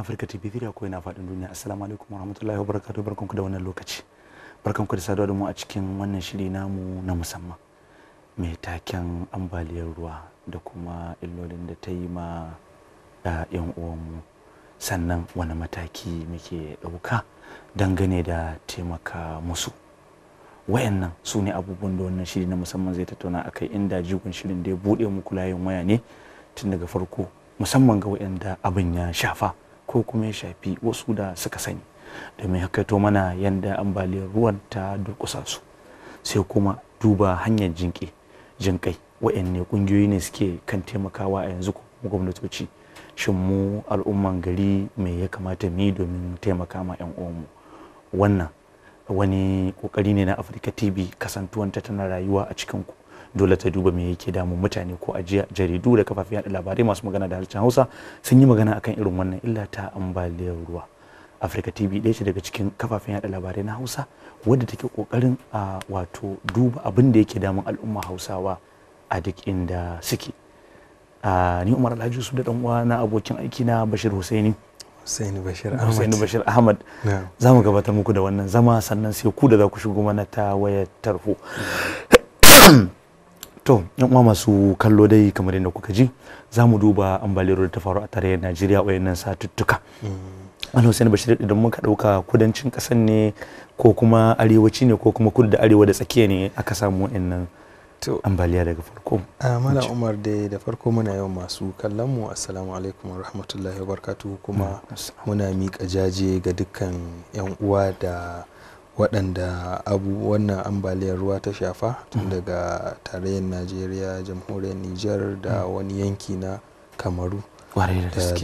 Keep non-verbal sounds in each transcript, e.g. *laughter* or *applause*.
Afirka TV video ko ina faɗin duniya. Assalamu alaikum warahmatullahi wabarakatuh barkanku da wannan lokaci. Barkanku da saduwa da mu a cikin wannan shiri namu na musamman. Mai taken ambaliyar ruwa da kuma illolin da ta yi ma yan uwanmu. Sannan wani mataki muke ɗauka dangane da taimaka musu. wayannan su ne abubuwan da wannan shiri na musamman zai tattauna akai inda jigon shirin da ya buɗe muku layin waya ne tun daga farko musamman ga wayanda abin ya shafa ko kuma ya shafi wasu da suka sani domin to mana yadda ambaliyar ruwan ta durƙusa su sai kuma duba hanyar jinƙe jinƙai waɗanne ƙungiyoyi ne suke kan taimakawa a yanzu ko gwamnatoci shin mu al'umman gari mai ya kamata mu domin taimaka ma 'yan uwanmu wannan wani ƙoƙari ne na afirka tv kasantuwanta tana rayuwa a cikinku dole ta duba me yake damun mutane ko a jaridu da kafafen yada labarai masu magana da harshen hausa sun yi magana akan irin wannan illa ta ambaliyar ruwa afirka tv ɗaya ce daga cikin kafafen yada labarai na hausa wadda take kokarin a wato duba abin da yake damun al'umma hausawa a duk inda suke ni umar alhaji su da dan uwa na abokin aiki na bashir husaini Hussaini Bashir Ahmad. Za mu gabatar muku da wannan zama sannan sai ku da za ku shigo mana ta wayar tarho. to yan uwa masu kallo dai kamar yadda kuka ji za mu duba ambaliyar da ta faru a tarayyar najeriya nan satuttuka mm. an shi bashir idan muka dauka kudancin kasan ne ko kuma arewaci ne ko kuma kudu da arewa da tsakiya ne aka samu nan. ambaliya daga farko mala umar da da farko muna yau masu kallon mu assalamu alaikum rahmatullahi wa kuma muna miƙa jaje ga dukkan yan uwa da waɗanda abu wannan ambaliyar ruwa ta shafa tun mm. daga tarayyar najeriya jamhuriyar niger da mm. wani yanki na kamaru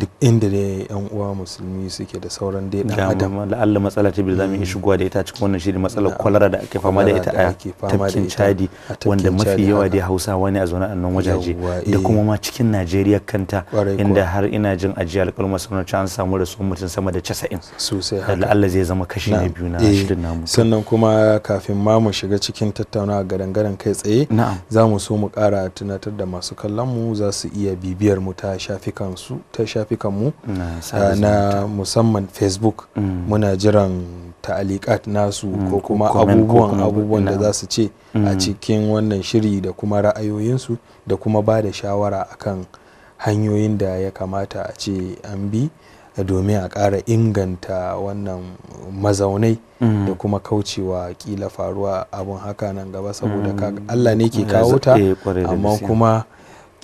duk inda dai yan uwa musulmi suke da sauran dai dan adam la'alla matsala ta bil zamu yi mm. shigowa da ita cikin wannan shirin matsalar kwalara da ake fama da ita a tafkin chadi wanda mafi yawa dai hausawa ne a zaune a nan wajaje da kuma eh. ma cikin najeriya kanta inda har ina jin ajiya alƙalma ci an samu rasu mutum sama da casa'in da haka zai zama kashi na biyu na eh, shirin namu sannan kuma kafin ma mu shiga cikin tattaunawa ga gadan kai tsaye za mu so mu ƙara tunatar da masu kallon mu za su iya bibiyar mu ta shafi shafikan su ta shafikanmu na ah, musamman facebook mm. muna jiran ta'alikat nasu mm, ko kuma abubuwan abubuwan da za su ce a mm. cikin wannan shiri da kuma ra'ayoyinsu da kuma ba da shawara kan hanyoyin da ya kamata a ce an bi domin a ƙara inganta wannan mazaunai da kuma kaucewa kila faruwa abun haka nan gaba saboda Allah ne ke kawo ta eh, amma kuma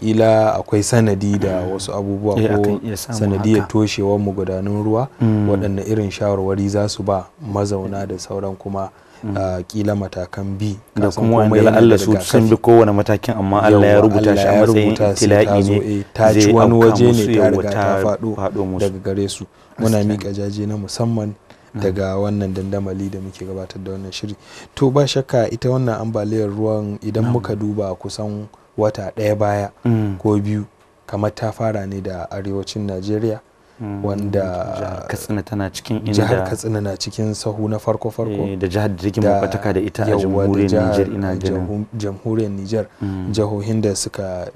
ila akwai sanadi da mm. wasu abubuwa eh, ko sanadiyar toshewar magudanun ruwa mm. waɗanne irin shawarwari za su ba mazauna mm. da sauran kuma ah, kila matakan bi da kuma wanda Allah su san bi kowane matakin amma Allah ya rubuta shi a matsayin tila'i ne eh, ta ci wani waje ne ta riga ta faɗo daga gare su muna miƙa jaje na musamman daga wannan dandamali da muke gabatar da wannan shiri to ba shakka ita wannan ambaliyar ruwan idan muka duba kusan wata ɗaya baya mm. ko biyu kamar ta fara ne da arewacin najeriya mm. wanda jihar katsina tana cikin inda jihar katsina na cikin sahu na farko farko eh, da jihar da take mabataka da ita a jamhuriyar Nijar ina ganin jamhuriyar niger mm. jihohin da suka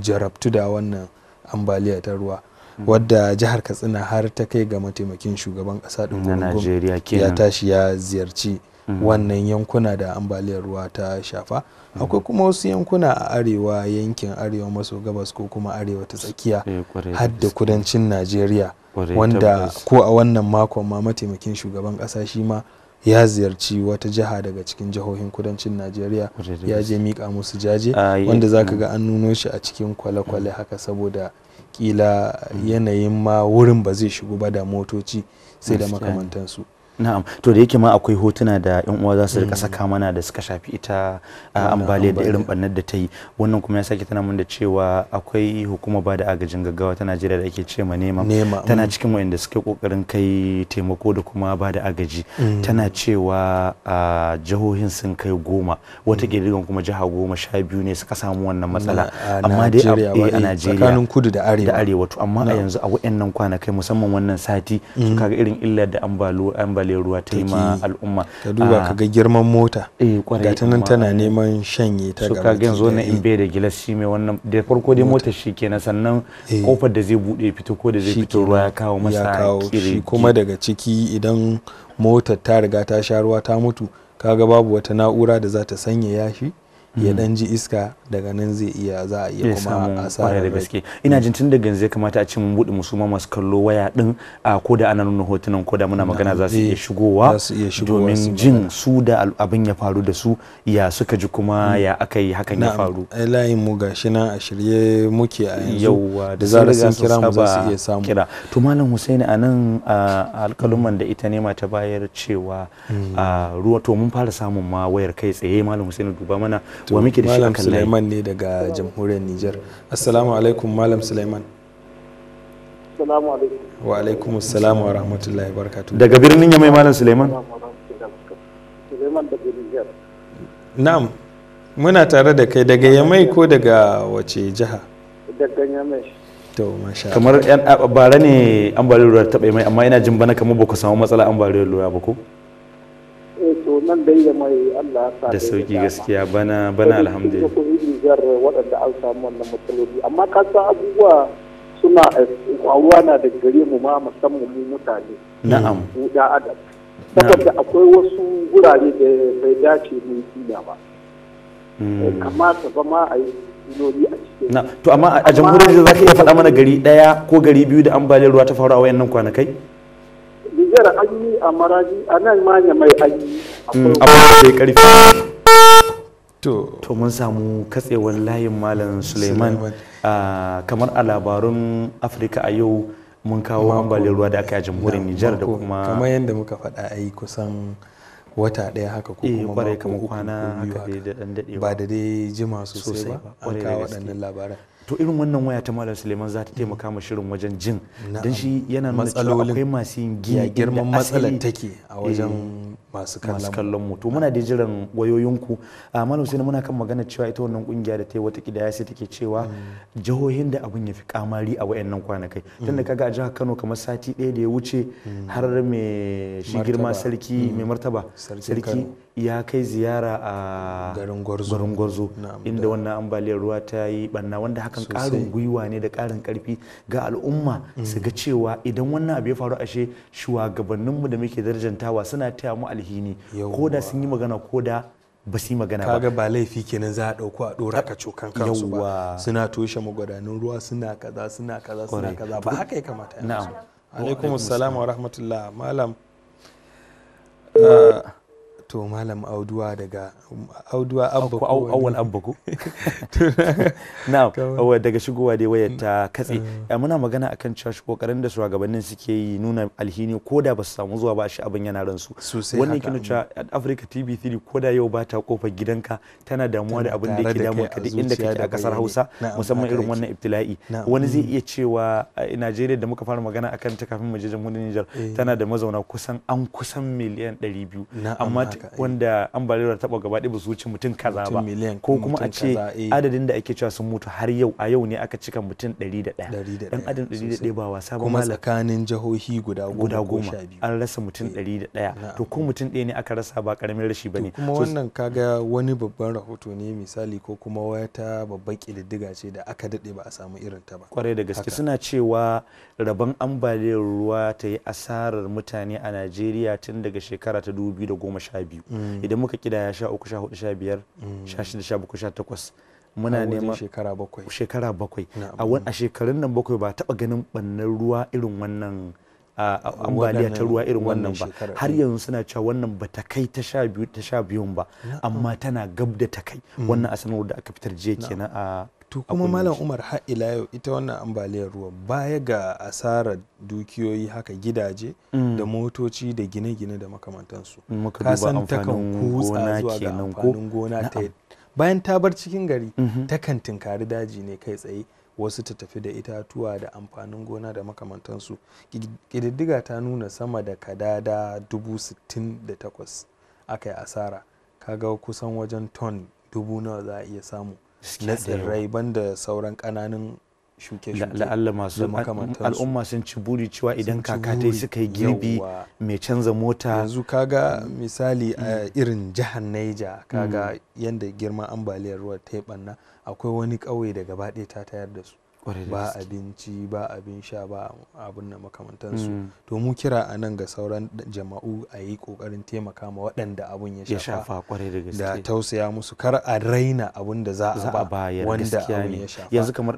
jarabtu da wannan ambaliya ta ruwa wadda jihar katsina har ta kai ga mataimakin shugaban kasa din ya tashi ya ziyarci Mm-hmm. wannan yankuna da ambaliyar ruwa ta shafa akwai kuma wasu yankuna a arewa yankin arewa maso gabas ko kuma arewa ta tsakiya eh, har kudancin najeriya wanda ko a wannan makon ma mataimakin shugaban kasa shi ma ya ziyarci wata jiha daga cikin jihohin kudancin najeriya ya je mika musu jaje ah, wanda zaka mm. ga an nuno shi a cikin kwale-kwale mm. haka saboda kila mm. yanayin ma wurin ba zai shigo ba da motoci sai da makamantansu na'am to da yake ma akwai hotuna da yan uwa za su rika saka mm. mana da suka shafi ita a ambaliyar da irin bannar da ta yi wannan kuma ya sake tana mun da cewa akwai hukumar bada agajin gaggawa ta Najeriya da ake ce ma nema tana mm. cikin wayanda suke kokarin kai taimako da kuma bada agaji mm. tana cewa jihohin sun kai goma wata gidan kuma jiha goma sha biyu ne suka samu wannan matsala amma dai a eh, Najeriya tsakanin kudu da arewa da arewa to amma a yanzu a wayannan kwanakai musamman wannan sati kaga irin illar da ambalo. ambaliyar ruwa ta yi ma al'umma ta duba ka ga girman mota eh, ga ta nan tana neman shanye ta gaba ka ga yanzu wannan in bai da gilashi mai wannan da farko dai mota shi kenan sannan eh. kofar da zai bude fito ko da zai fito ruwa ya kawo masa kire kuma daga ciki idan mota ta riga ta sha ruwa ta mutu kaga babu wata na'ura da za ta yashi. shi ya hmm. dan ji iska daga nan zai iya za a iya kuma asara da gaske ina jin tun da ganzu ya kamata a ce mun bude musu ma masu kallo waya din a ko da ana nuna hotunan ko da muna magana za su iya shigowa domin jin su da abin ya faru da su ya suka ji kuma hmm. ya aka yi hakan ya faru layin mu gashi nan a shirye muke a yanzu da zara sun kira mu za su iya samu kira to malam husaini a nan alkaluman da ita ne ta bayar cewa hmm. ruwa to mun fara samun ma wayar kai tsaye malam husaini duba mana wa muke da shi akan Sulaiman ne daga jamhuriyar Nijar assalamu alaikum malam Sulaiman assalamu alaikum wa alaikum assalam wa rahmatullahi barakatuh daga birnin Yamai malam Sulaiman daga na'am muna tare da kai daga Yamai ko daga wace jiha daga Yamai kamar yan bara ne ambaliyar ruwa ta bai mai amma ina jin bana kamar boko samu matsala ambaliyar ruwa ba ko nan dai da mai Allah ya sa da sauki gaskiya bana bana alhamdulillah ko irin jar waɗanda an samu wannan matsaloli amma ka san abubuwa suna kwaruwa na da gare mu ma musamman mu mutane na'am mu da adam saboda akwai wasu gurare da bai dace mu yi ba hmm. kamata ba ma a yi filoli a cikin na to amma a jamhuriyar da za ka iya faɗa mana gari ɗaya ko gari biyu da ambaliyar ruwa ta faru a wayannan kwanakai Nijar an yi a maraji a nan ma mai an yi Mm. abubuwa karfi to mun samu katsewar layin malam suleiman ah, kamar a labarun afirka a yau mun kawo ambalin ruwa da aka yi jamhuriyar nijar da kuma kamar yadda muka faɗa a yi kusan wata ɗaya haka ko eh, kuma mako kwana da ba da dai jima sosai ba an kawo waɗannan labaran to irin wannan waya ta malam suleiman za ta mm. taimaka ma shirin wajen jin don shi yana nuna cewa akwai masu yin giya girman matsalar take a wajen eh. masu kallon mu muna da jiran wayoyinku a ah, malam sai muna kan magana cewa ita wannan kungiya da ta yi wata kidaya sai take cewa mm. jihohin da abin ya fi kamari a wayannan kwanakai mm. tunda kaga a jihar Kano kamar sati ɗaya da ya wuce mm. har mai shi girma sarki mai martaba sarki ya kai ziyara a garin gwarzo inda wannan ambaliyar ruwa ta yi banna wanda hakan karin gwiwa ne da karin karfi ga al'umma su ga cewa idan wannan abu ya faru ashe shugabanninmu da muke darajantawa suna taya mu alhi ne ko da sun yi magana ko da ba su yi magana ba kaga ba laifi kenan za a dauko a dora ka cokan kansu ba suna toshe magwadanin ruwa suna kaza suna kaza suna kaza ba haka ya kamata na'am alaikum assalam wa rahmatullah malam uh, to malam auduwa daga auduwa abba ko abba ko *laughs* now daga shigowa dai wayar ta katse mm, mm. Eh, muna magana akan cewa kokarin da shugabannin suke yi nuna alhini ko da ba su samu zuwa ba shi abin yana su wannan kinu cewa Africa TV 3 ko da yau ba ta kofar gidanka tana damuwa da abin da yake damu ka duk inda kake a kasar Hausa musamman irin wannan ibtila'i wani zai mm. iya cewa eh, nigeria da muka fara magana akan ta kafin mu je jamhuriyar Niger eh. tana da mazauna kusan an kusan miliyan 200 amma wanda ambaliyar ta taba gaba ɗaya ba su wuce mutum kaza ba ko kuma a ce eh. adadin da ake cewa sun mutu har yau a yau ne aka cika mutum da 101 dan da ɗaya ba wasa ba kuma tsakanin jihohi guda goma an rasa mutum da ɗaya eh, to ko mutum ɗaya ne aka rasa ba karamin rashi bane kuma wannan kaga wani babban rahoto ne misali ko kuma wata babban ƙididdiga ce da aka daɗe ba a samu irin ta ba kwarai da gaske suna cewa rabon ambaliyar ruwa ta yi asarar mutane a Najeriya tun daga shekara ta 2012 biyu idan muka kidaya sha uku sha hudu sha biyar sha shida sha bakwai sha takwas muna nema shekara bakwai shekara bakwai a shekarun nan bakwai ba taba ganin bannan ruwa irin wannan ambaliya ta ruwa irin wannan ba har yanzu suna cewa wannan ba ta kai ta sha biyu ta sha biyun ba amma tana gab da ta kai wannan mm. a sanarwar da aka fitar jiya kenan a to kuma malam umar har ila yau ita wannan ambaliyar ruwa baya ga asarar dukiyoyi haka gidaje mm. da motoci da gine-gine da makamantansu kasan takan kutsa zuwa ga amfanin gona ta bayan ta bar cikin gari mm-hmm. takan tinkari daji ne kai tsaye wasu ta tafi da itatuwa da amfanin gona da makamantansu ƙididdiga ta nuna sama da kadada dubu sittin da takwas aka yi asara kaga kusan wajen ton dubu nawa za a iya samu na tsirrai banda sauran kananun shuke-shuke la'alla masu al'umma sun ci buri cewa idan kaka ta suka yi girbi mai canza mota yanzu kaga misali a mm. irin jihar Niger kaga mm. yadda girman ambaliyar ruwa ta yi banna akwai wani ƙauye da gaba ta tayar da su ba abinci ba abin sha ba abin da makamantansu mm. to mu kira a nan ga sauran jama'u a yi kokarin taimaka ma waɗanda abin ya shafa da tausaya musu kar a raina abin da za a ba wanda abin ya shafa yanzu kamar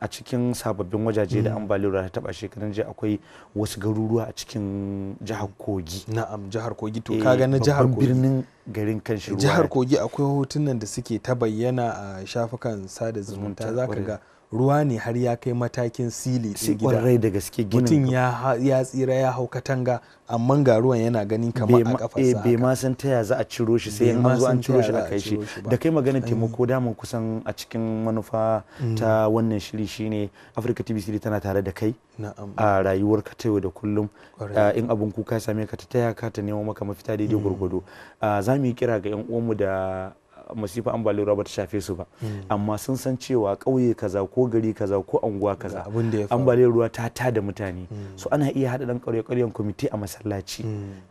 a cikin sababbin wajaje da mm. ambaliyar ta taba shekarun jiya akwai wasu garuruwa a cikin jihar kogi na'am jihar kogi to eh, kaga na jihar kogi birnin garin kanshi jihar kogi akwai hotunan da suke ta bayyana a shafukan sada zumunta zaka ga ruwa ne har ya kai matakin sili din gida da gaske mutum ya tsira ya hau katanga amma ga ruwan yana ganin kamar a sa bai eh, ma san taya za a ciro shi sai an zo an ciro shi a kai shi da kai maganar mm. taimako daman kusan a cikin manufa mm. ta wannan shiri shine Africa TV City tana tare da kai a ka ta yau da kullum ah, in abun kuka same ka ta taya ka ta nemo maka mafita daidai mm. gurgudu ah, za mu yi kira ga yan uwanmu da masifa ambaliyar ruwa ba ta shafe su ba hmm. amma sun san cewa ƙauye kaza ko gari kaza ko anguwa kaza ambaliyar ruwa ta ta da mutane hmm. so ana iya haɗa ɗan ƙauye ƙauyen kwamiti a masallaci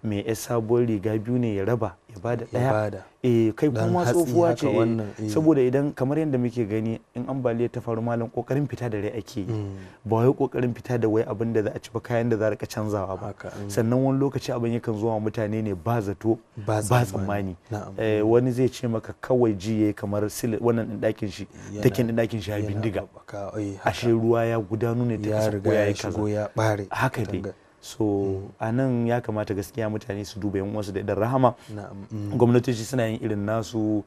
mai hmm. ya sabuwar riga biyu ne ya raba ibada daya e eh, kai kuma tsofuwa ce eh. saboda idan kamar yadda muke gani in ambaliya ta faru malam kokarin fita da rai ake yi mm. ba wai kokarin fita da wai abin da za a ci ba kayan da za a rika canzawa ba mm. sannan wani lokaci abin yakan zuwa mutane ne ba zato ba tsammani eh, wani zai ce maka kawai jiye kamar wannan din dakin shi take din dakin shi ya bindiga ashe ruwa ya gudanu ne ta ya riga ya shigo ya bare haka dai so a nan ya kamata gaskiya mutane su duba yan wasu da idan rahama gwamnatoci suna yin irin nasu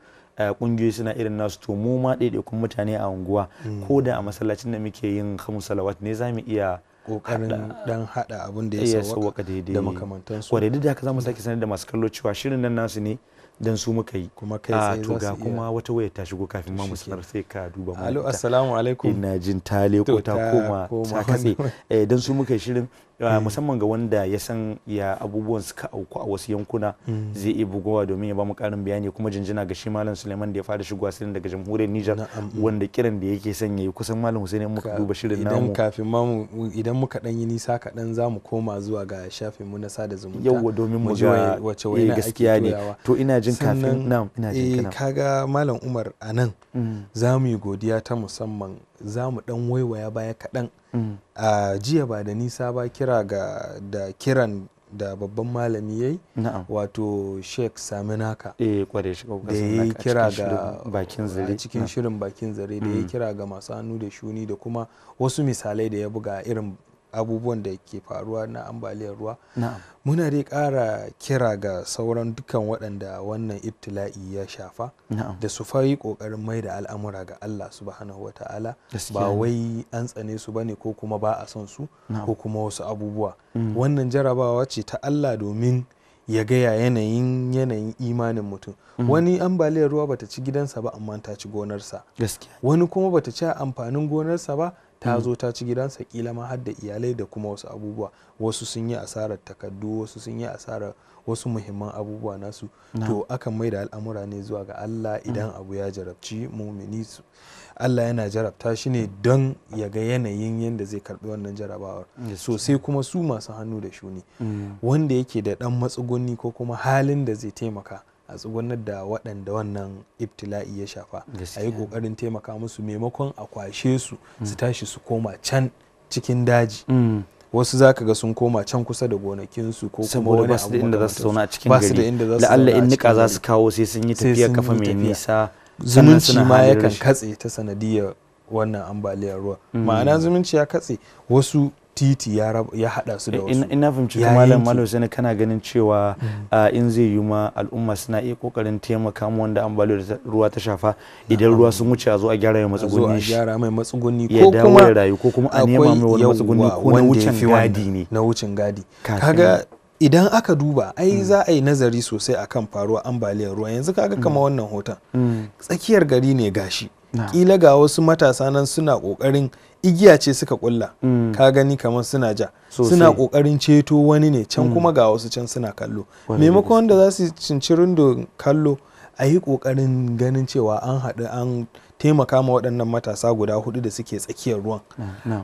kungiyoyi eh, suna irin nasu to mu ma kun mutane a unguwa mm. ko da a masallacin da muke yin hamu salawat ne za mu iya kokarin dan hada abun da ya sauwaka da makamantansu kwarai duk da haka za mu sake sanar da masu kallo cewa shirin nan nasu ne dan su muka yi kuma kai ah, sai to ga kuma wata waya ta shigo kafin ma musulmar sai ka duba mu alo assalamu alaikum ina jin tale ko ta koma ta kase *laughs* eh, dan su muka yi shirin Hmm. musamman ga wanda ya san ya abubuwan suka auku a wasu yankuna hmm. zai iya bugowa domin ya ba mu karin bayani kuma jinjina ga shi malam Suleiman da ya fara shigowa sirin daga jamhuriyar Nijar wanda kiran da yake son yi kusan malam Hussein muka duba shirin namu idan kafin ma idan muka dan yi nisa kaɗan za mu koma zuwa ga shafin mu na sada zumunta yawwa domin mu ga wace eh, ake gaskiya ne to ina jin kafin na ina jin kana eh, kaga malam Umar anan hmm. za mu yi godiya ta musamman za mu ɗan waiwaya baya kaɗan mm. a jiya ba da nisa ba kira ga da kiran da babban malami yayi wato sheikh saminaka eh, da ya yi kira ga a cikin shirin bakin zare da ya mm. kira ga masu hannu da shuni da kuma wasu misalai da ya buga irin abubuwan da ke faruwa na ambaliyar ruwa muna dai ƙara kira ga sauran dukkan waɗanda wannan ibtila'i ya shafa da su fayi ƙoƙarin mai da al'amura ga Allah subhanahu wa ta'ala ba wai an tsane su bane ko kuma ba a son su ko kuma wasu abubuwa mm. wannan jarabawa ce ta Allah domin ya gaya yanayin yanayin imanin mutum mm. wani ambaliyar ruwa bata ci gidansa ba amma ta ci gonarsa wani kuma bata ci amfanin gonarsa ba ta mm. zo ta ci gidansa kila ma har iyalai da kuma wasu abubuwa wasu sun yi asarar takardu wasu sun yi asarar wasu muhimman abubuwa nasu to akan mai da al'amura ne zuwa ga Allah mm. idan abu ya jarabci mumini su Allah yana jarabta shi ne don ya ga yanayin yadda zai karbi wannan jarabawar so sai kuma su masu hannu da shuni mm. wanda yake da dan matsuguni ko kuma halin da zai taimaka a tsugunar da waɗanda wannan ibtila'i ya shafa a yi ƙoƙarin taimaka musu maimakon a kwashe su su mm. tashi su koma can cikin daji mm. wasu za ka ga sun koma can kusa da gonakinsu ko kuma wani abu inda za su zauna a cikin gari Allah in nika za su kawo sai sun yi tafiya kafa mai nisa zumunci ma yakan katse ta sanadiyar wannan ambaliyar ruwa mm. ma'ana zumunci ya katse wasu titi ya hada su da eh, wasu ina fahimci malam malam sai kana ganin cewa mm. ah, in zai yi ma al'umma suna iya kokarin taimaka mu wanda ambaliyar ruwa ta shafa idan ruwa sun wuce a zo a gyara mai matsuguni shi a gyara mai matsuguni ko kuma ya rayu ko kuma a nema mai wani matsuguni ko na wucin gadi ne na wucin gadi kaga idan aka duba ai mm. za a yi nazari sosai akan faruwa ambaliyar ruwa yanzu kaga mm. kama wannan hoton tsakiyar gari ne gashi kila ga wasu matasa nan suna kokarin igiya ce suka kulla mm. ka gani kamar suna ja suna kokarin ceto wani ne can mm. kuma ga wasu can suna kallo maimakon da za su cinci rundun kallo a yi ƙoƙarin ganin cewa an haɗu an taimaka ma waɗannan matasa guda hudu da suke tsakiyar ruwan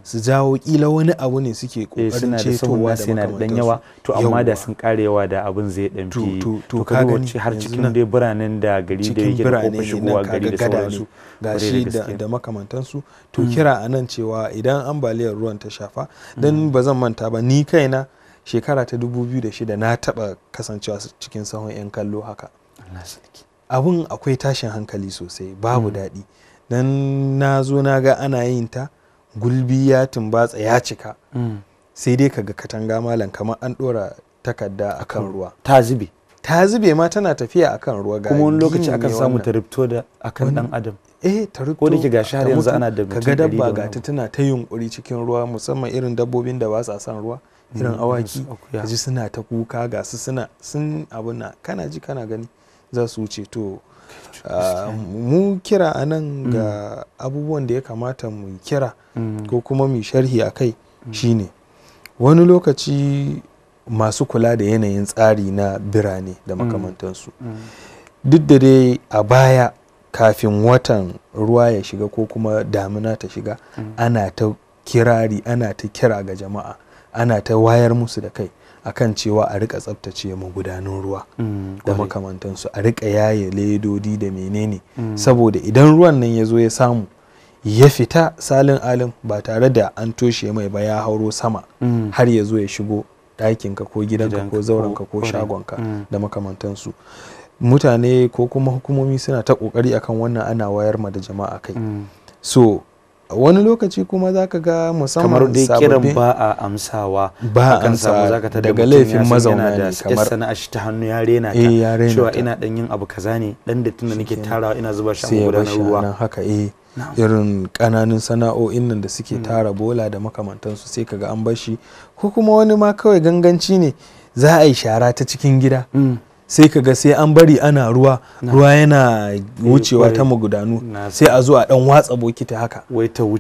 su jawo kila wani abu ne suke eh, ƙoƙarin cetowa da makamantarsu yawa to amma da sun karewa da abin zai ɗan fi to ka gani har cikin dai biranen da gari da yake da kofin shigowa gari da sauransu ga shi da makamantansu to hmm. kira a nan cewa idan ambaliyar ruwan ta shafa hmm. dan ba zan manta ba ni kaina shekara ta 2006 na taɓa kasancewa cikin sahun 'yan kallo haka. Allah sarki. abin akwai tashin hankali sosai babu mm. daɗi don na zo na ga ana yin ta gulbi ya tumbatsa ya cika mm. sai dai ka ga katanga malam kamar an ɗora takarda a kan ruwa ta zube ta zube ma tana tafiya a kan ruwa ga kuma wani lokaci akan samu ta ripto da kan dan adam eh ta ripto ko da ke ga har yanzu ana da kaga dabba ga ta tana ta yunkuri cikin ruwa musamman irin dabbobin da ba sa son ruwa irin mm, awaki ji suna ta kuka ga su suna sun na kana ji kana gani za su wuce to ah, mu kira anan mm. ga abubuwan da ya kamata mu kira mm. ko kuma mu sharhi a kai mm. shine wani lokaci masu kula da yanayin tsari na birane da makamantansu duk da dai a baya kafin watan ruwa ya shiga ko kuma damina ta shiga ana ta kirari ana ta kira ga jama'a ana ta wayar musu da kai akan cewa a rika tsaftace magudanan ruwa mm, da makamantansu a rika yaye ledodi da menene mm. saboda idan ruwan nan ya zo ya samu ya fita salin alin ba tare da an toshe mai ba ya hauro sama mm. har ya zo ya shigo ɗakinka ko gidanka ko ka ko shagonka da makamantansu mutane ko kuma hukumomi suna ta ƙoƙari akan wannan ana wayar ma da jama'a kai so wani lokaci kuma za ka ga musamman kamar dai kiran ba a amsawa ba a amsa daga laifin mazauna ne kamar sana'a shi ta hannu ya rena ta eh, cewa ina dan yin abu kaza ne dan da tunda nake tarawa ina zuba shi a gudanar ruwa nan haka eh irin kananun sana'o'in nan da suke hmm. tara bola da makamantansu sai kaga an bar shi ko kuma wani ma kawai ganganci ne za a yi shara ta cikin gida hmm. sai ka ga sai an bari ana ruwa ruwa yana eh, wucewa ta magudanu sai a zo a dan watsa bokiti haka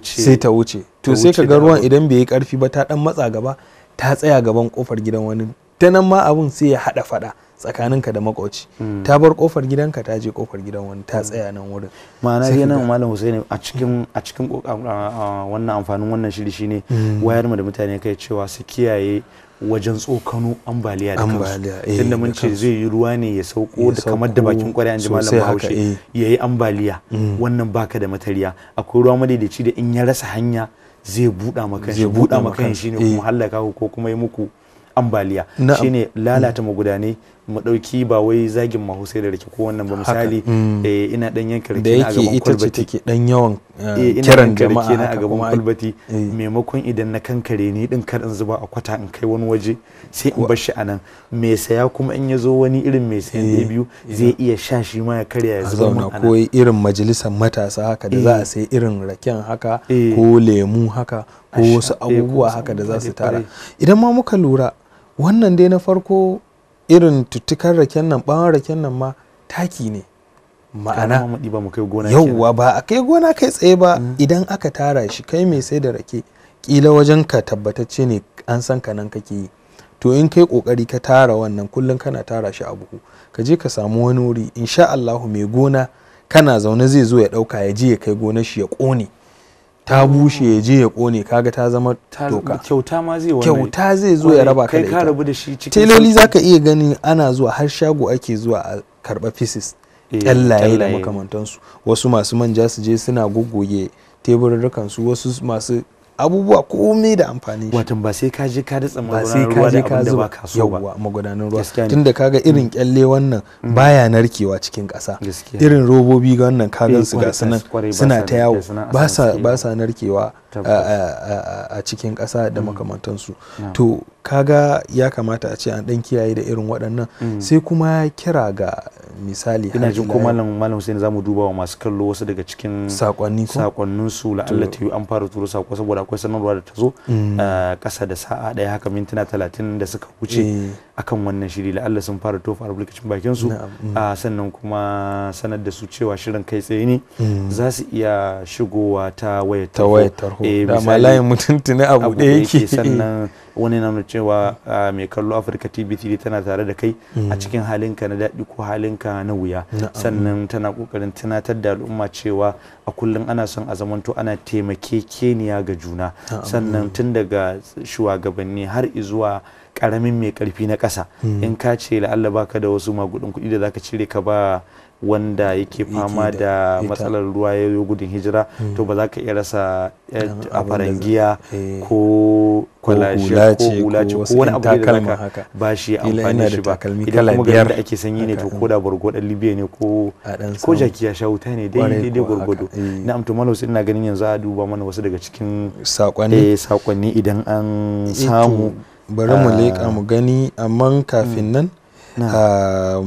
sai ta wuce to sai ka ga ruwan idan bai yi karfi ba ta dan matsa gaba ta tsaya gaban kofar gidan wani ta nan ma abun sai ya hada fada tsakaninka da makoci hmm. ta bar kofar gidanka ta je kofar gidan wani ta hmm. tsaya nan wurin ma'ana dai malam Husaini a cikin a cikin wannan amfanin wannan shiri shine hmm. wayar mu da mutane kai cewa su kiyaye wajen tsokano ambaliya da kansu eh, tunda mun ce zai yi ruwa ne ya sauko da kamar da bakin kwarai an ji malam Bahaushe eh. ya yi ambaliya mm. wannan baka da matariya akwai ruwa madaidaici da in ya rasa hanya zai buɗa maka shi buɗa maka eh. shi ne kuma hallaka ko kuma yi muku ambaliya shine lalata magudanai mu dauki ba wai zagin mahu sai da rake ko wannan ba misali mm. eh ina dan yanka rike na a gaban kulbati da yake ita ce take dan yawan eh, eh, kiran jama'a na a gaban kulbati eh. maimakon idan na kankare ni din kar in zuba a kwata in kai wani waje sai in bar shi anan me saya kuma in ya zo wani irin me sayan da biyu zai iya sha shi ma ya karya ya zuba mun anan ko irin majalisar matasa haka da za a sai irin raken haka ko lemu haka ko wasu abubuwa haka da za su tara idan ma muka lura wannan dai na farko irin tuttukan raken nan bawon raken nan ma taki ne ma'ana yauwa ba a kai gona kai tsaye ba mm. idan aka tara shi kai mai sai da rake kila wajen ka tabbatacce ne an san ka nan kake yi to in kai kokari ka tara wannan kullum kana tara shi a buhu ka je ka samu wani wuri insha Allahu mai gona kana zaune zai zo ya dauka ya je ya kai gonar shi ya kone ta bushe ya je ya kone kaga ta zama doka kyauta ma zai kyauta zai zo ya raba ka da ita teleli zaka iya ganin ana zuwa har shago ake zuwa a karba pieces kyallaye eh, da makamantansu wasu masu manja su je suna goggoge teburin su wasu masu abubuwa komai da amfani wato watan ba sai ka je ka datsa tsammanin ruwa da abin da ba ka so ba yawwa magudanar ruwa tunda kaga irin mm. kyalle wannan mm. baya narkewa cikin ƙasa irin robobi ga wannan kagan eh, su ga sunan suna ta yawo ba sa ba sa narkewa uh, uh, uh, a cikin ƙasa da mm. makamantansu to kaga ya kamata a ce an dan kiyaye da irin waɗannan sai kuma kira ga misali ina jin ko malam malam Hussein zamu duba wa masu kallo wasu daga cikin sakonni sakonnin su la'alla ta yi an fara turo sako saboda akwai sanarwa da ta zo kasa mm. da sa'a ɗaya haka mintuna talatin da suka wuce mm. akan wannan shiri la'alla sun fara tofa albarkacin bakin su mm. sannan kuma sanar da su cewa shirin kai tsaye ne za su iya shigowa ta wayar tarho eh, da ma layin ne abu da yake sannan wani na cewa mai kallo afirka tv tv tana tare da kai a cikin halinka na daɗi ko halinka na wuya sannan tana ƙoƙarin tunatar da al'umma cewa a kullum ana son a zamanto ana taimake keniya ga juna juna ah, ah. sannan tun daga shugabanni har zuwa karamin mai karfi na ƙasa hmm. in ka ce la'alla baka da wasu magudin kuɗi da zaka cire ka ba wanda yake fama da matsalar ruwa ya yi gudun hijira hmm. to ba za ka iya rasa eh, a farangiya eh. ko kwalashe ko wulace ko wani abu da ka. ba shi amfani shi ba idan kuma ga yadda ake sanyi ne to ko da gwargwadon libya ne ko ko jakiya ya ne daidai gwargwado eh. na amtu malos ina ganin yanzu a duba mana wasu daga cikin sakonni idan an samu bari mu ah, leƙa mu gani amma kafin hmm. nan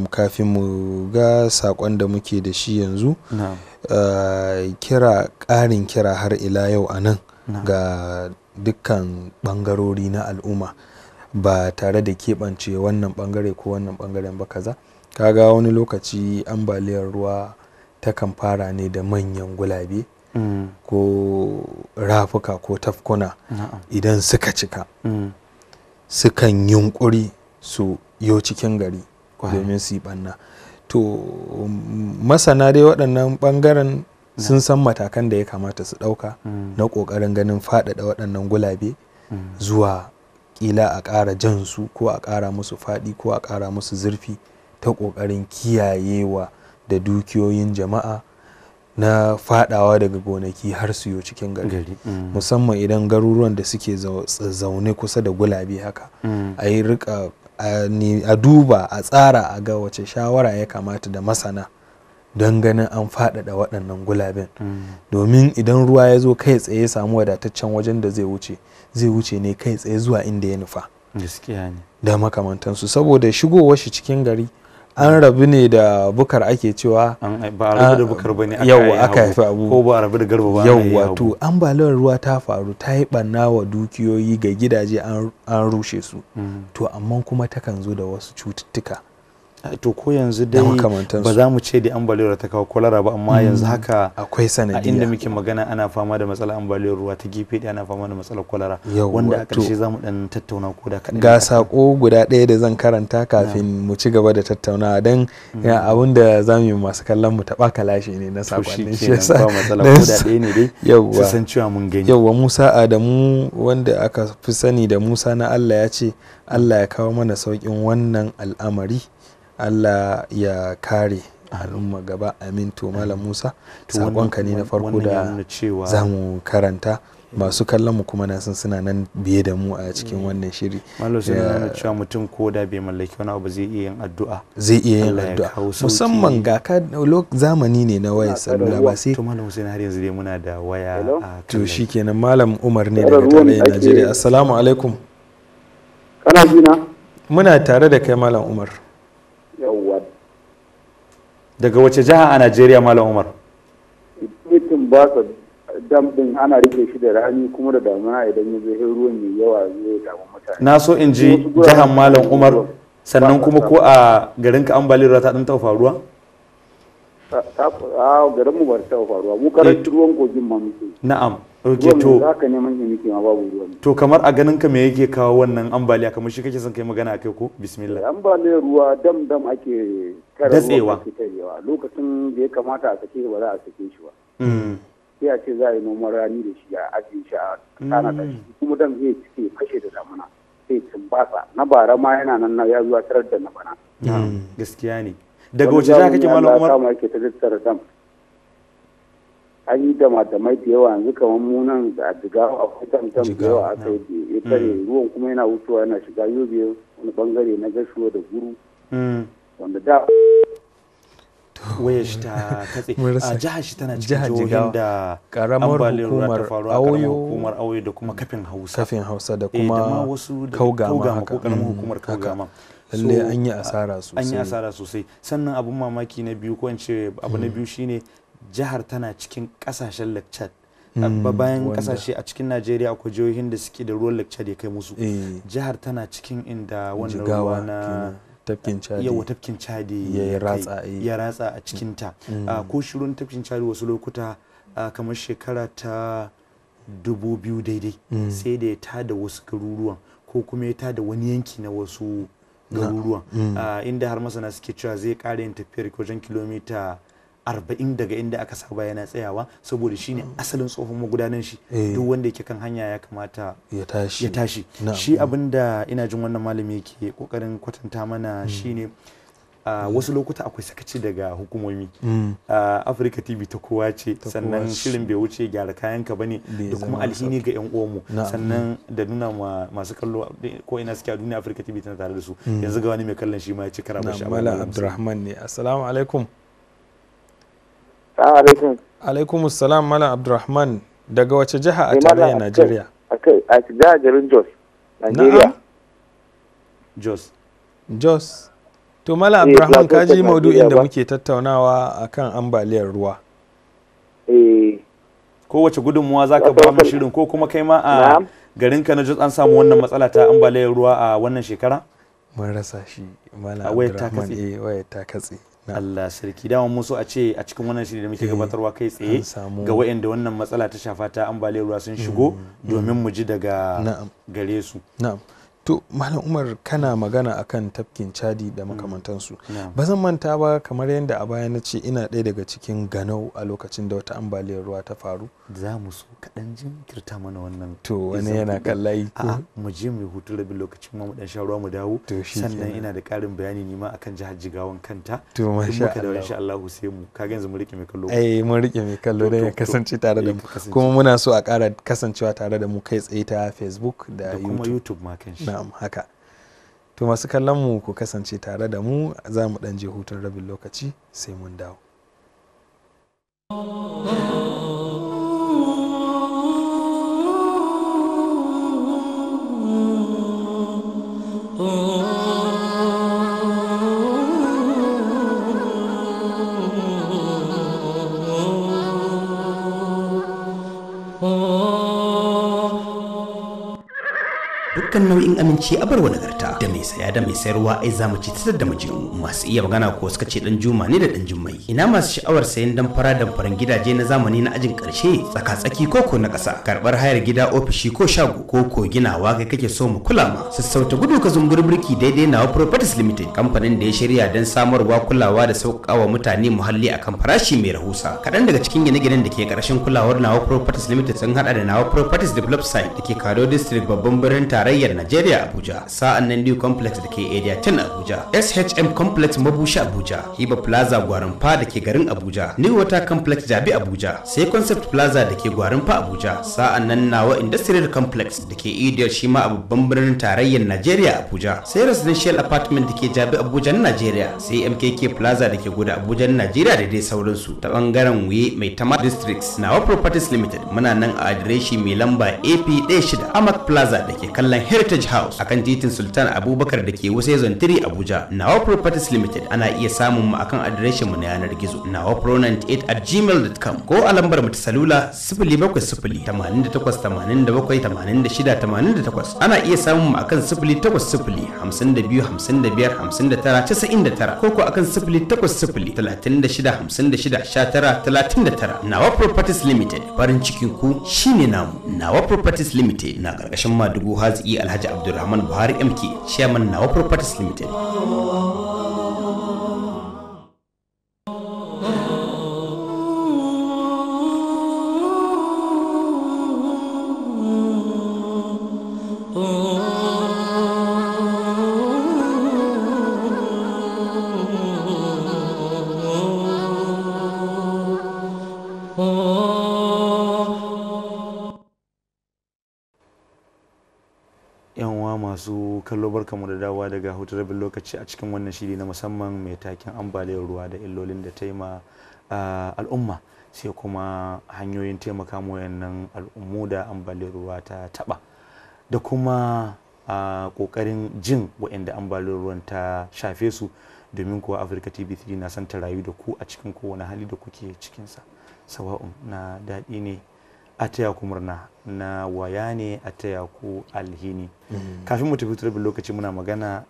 kafin mu ga sakon da muke da shi yanzu ah, kira ƙarin kira har ila yau a nan ga dukkan ɓangarori na al'umma ba tare da keɓance wannan ɓangare ko wannan ɓangaren ba kaza kaga wani lokaci ambaliyar ruwa takan fara ne da manyan gulabe mm. ko rafuka ko tafkuna idan suka cika mm. sukan yunkuri su yo cikin gari domin su yi banna to mm, masana dai waɗannan ɓangaren sun san matakan da ya kamata su ɗauka mm. na ƙoƙarin ganin faɗaɗa waɗannan gulabe mm. zuwa ƙila a ƙara jansu ko a ƙara musu faɗi ko a ƙara musu zurfi ta ƙoƙarin kiyayewa da dukiyoyin jama'a na faɗawa daga gonaki har su yo cikin gari musamman idan garuruwan da suke zaune kusa da gulabe haka a yi rika a duba a tsara a ga wace shawara ya kamata da masana don ganin an faɗaɗa waɗannan gulaben mm. domin idan ruwa ya zo kai tsaye samu wadataccen wajen da zai wuce zai wuce ne kai tsaye zuwa inda ya nufa da makamantansu saboda shigowar shi cikin gari an rabu ne da bukar ake cewa ba aka yawa aka haifi abu ko ba rabu da garba ba yawa to ambaliyar ruwa ta faru ta yi ɓanna wa dukiyoyi ga gidaje an rushe su mm. to amma kuma takan zo da wasu cututtuka Eh, to ko yanzu dai ba za mu ce da ambaliyar ta kawo kwalara ba amma yanzu mm. haka akwai sanadiya a inda muke magana ana fama da matsalar ambaliyar ruwa ta gefe da ana fama da matsalar kwalara wanda a ƙarshe za mu dan tattauna ko da kaɗan ga sako guda ɗaya da zan karanta kafin mu ci gaba da tattaunawa don mm. eh, abin da za mu yi masu kallon mu taɓa kalashi ne na sakonnin shi yasa ba matsala ko da ɗaya ne dai su san cewa mun gani yawwa Musa Adamu wanda aka fi sani da Musa na Allah ya ce Allah ya kawo mana sauƙin wannan al'amari Allah ya kare al'umma gaba amin to malam Musa sakonka ne na farko da za mu karanta eh. masu kallon mu kuma na san suna nan biye da mu a cikin eh. wannan shiri malam sai na cewa mutum ko da bai mallaki wani abu zai iya yin addu'a zai iya yin addu'a musamman ga ka zamani ne na wayar salula ba sai to malam sai har yanzu dai muna da waya to shikenan malam Umar ne daga tarayyar Najeriya assalamu alaikum kana jina muna tare da kai malam Umar daga wace jiha a najeriya malam umar titin ba dam din ana rike shi da rani kuma da damuna idan ya zai ruwan mai yawa zai damu mutane na so in ji jihar malam umar sannan kuma ko a garinka ambaliyar ta dan taɓa faruwa a garin mu ba ta taɓa faruwa mu kare eh. ruwan kogin ma muke na'am ok to za ka neman ilimi ma babu ruwan to kamar a ganin ka me yake kawo wannan ambaliya kamar shi kake son kai magana akai ko bismillah ambaliyar ruwa dam dam ake datsewa lokacin da ya kamata a sake ba za a sake shi ba mm. sai a ce za a yi noman rani da shi a ajiye shi a tana da shi mm. kuma dan zai cike fashe da damuna sai basa. na bara ma yana nan ya zuwa tarar da na bana mm, gaskiya ne daga wace za ka ke malam umar kuma yake ta tattara dam an yi dama da mai da yawa yanzu kamar munan da a diga a fitan dam da yawa a kai ya tare ruwan kuma yana wucewa yana shiga yobe wani bangare na gashuwa da guru wanda da *laughs* wayar shi ta katse a jihar shi tana cikin jihohin da karamar hukumar auyo hukumar auyo da kuma kafin hausa kafin hausa da eh, kuma Wasu kaugama haka karamar mm, hukumar kaugama lalle an yi asara sosai an yi asara sosai sannan abun mamaki na biyu ko in ce abu na mm. biyu shine jihar tana cikin kasashen lakcad mm, bayan kasashe a cikin najeriya akwai jihohin da suke da ruwan lakcad ya kai musu eh. jihar tana cikin inda wannan ruwa na tafkin chadi yawa tafkin chadi ya eh. ratsa a cikin ta mm. ah, ko shirin tafkin chadi wasu lokuta ah, kamar shekara ta dubu biyu daidai mm. sai da ya tada wasu garuruwan ko kuma ya tada wani yanki na wasu garuruwan mm. ah, inda har masana suke cewa zai kara yin tafiyar wajen kilomita arba'in daga inda aka saba yana tsayawa saboda shi shine asalin tsohon magudanar shi eh. duk wanda yake kan hanya ya kamata ya tashi shi abin da ina jin wannan malami ke kokarin kwatanta mana hmm. shine wasu lokuta akwai sakaci daga hukumomi hmm. afirka tv ta kowa ce sannan shirin bai wuce gyara kayan ka bane da kuma alhini ga yan uwanmu sannan da nuna masu kallo ko ina suke a duniya afirka tv tana tare da su hmm. yanzu ga wani mai kallon shi ma ya ci kara bashi abdurrahman ne assalamu alaikum alaikum alaikum salam malam abdurrahman daga wace jiha a tarayyar najeriya a garin jos najeriya jos jos to malam eh, abdurrahman ka ji maudu'in da muke tattaunawa akan ambaliyar ruwa eh. kowace gudunmuwa za ka ba mu shirin ko kuma kai ma a garinka na jos an samu wannan matsala ta ambaliyar ruwa a wannan shekara mun rasa shi malam abdurrahman eh waya ta katse Allah sarki dama mun so a ce a cikin wannan shiri da muke eh, gabatarwa kai tsaye ga wayanda wannan matsala ta shafa ta ambaliyar ruwa sun shigo mm, mm, domin mm. mu ji daga gare su to malam umar kana magana akan tafkin chadi da mm. makamantansu ba zan manta ba kamar yadda a baya na ce ina ɗaya daga cikin ganau a lokacin da wata ambaliyar ruwa ta faru za mu so kaɗan jinkirta mana wannan to wani yana kallayi ko mm. mu je mu hutu rabin lokacin ma mu dan sha ruwa mu dawo sannan ina da ƙarin bayani ne ma akan jihar jigawan kanta to masha Allah insha Allah sai mu ka yanzu mu rike mai kallo eh mun rike mai kallo dan ya kasance tare da eh, mu kuma muna so a ƙara kasancewa tare da mu kai tsaye ta Facebook da YouTube YouTube ma kan shi na'am haka to masu kallon mu ku kasance tare da mu za mu ɗan je hutun rabin lokaci sai mun dawo Oh dukkan nau'in aminci a bar wani gardi da mai saya da mai sayarwa ai zamu ci ta da mu masu iya magana ko suka ce dan juma ne da dan jummai ina masu sha'awar sayan dan fara dan faran gidaje na zamani na ajin karshe tsaka tsaki ko ko na kasa karbar hayar gida ofishi ko shago ko ko ginawa kai kake so mu kula ma sassauta gudu ka zungur birki daidai nawa properties limited kamfanin da ya shirya dan samarwa kulawa da sauƙawa mutane muhalli akan farashi mai rahusa kaɗan daga cikin gine-ginen da ke ƙarshen kulawar nawa properties limited sun haɗa da nawa properties develop site da ke kado district babban birnin tarayyar najeriya abuja sa'an nan video complex da ke area 10 abuja shm complex mabushi abuja hiba plaza fa da ke garin abuja new water complex jabi abuja sai concept plaza da ke fa abuja sa'an nan nawa industrial complex da ke idiyo shi ma a babban birnin tarayyar najeriya abuja sai residential apartment da ke jabi abuja na najeriya sai mkk plaza da ke gudu abuja na najeriya da dai sauransu ta bangaren wuye mai tama districts nawa properties limited muna nan a adireshi mai lamba ap 16 amak plaza da ke kallon heritage house akan titin sultan abubakar da ke wasai zantiri abuja nawa properties limited ana iya samun mu akan adireshin mu na yanar gizo nawa pronant8 at gmail.com ko a lambar mu ta salula 0708887688 ana iya samun mu akan 0800 52 ko ko akan 0800 nawa properties limited farin cikin ku shine namu nawa properties limited na karkashin madugu haziƙi alhaji abdulrahman buhari mk Chairman Now Properties Limited. Oh masu kallo barkamu da dawa daga hutu rabin lokaci a cikin wannan shiri na musamman mai takin ambaliyar ruwa da illolin da ta yi al'umma sai kuma hanyoyin taimaka mu wayannan al'ummu da ambaliyar ruwa ta taba da kuma a kokarin jin wayanda ambaliyar ruwan ta shafe su domin kuwa Afirka TV3 na son ta rayu da ku a cikin kowane hali da kuke cikinsa sawa'un na daɗi ne a taya ku murna na waya ne a taya ku alhini mm-hmm. kafin mu tafi turbin lokaci muna magana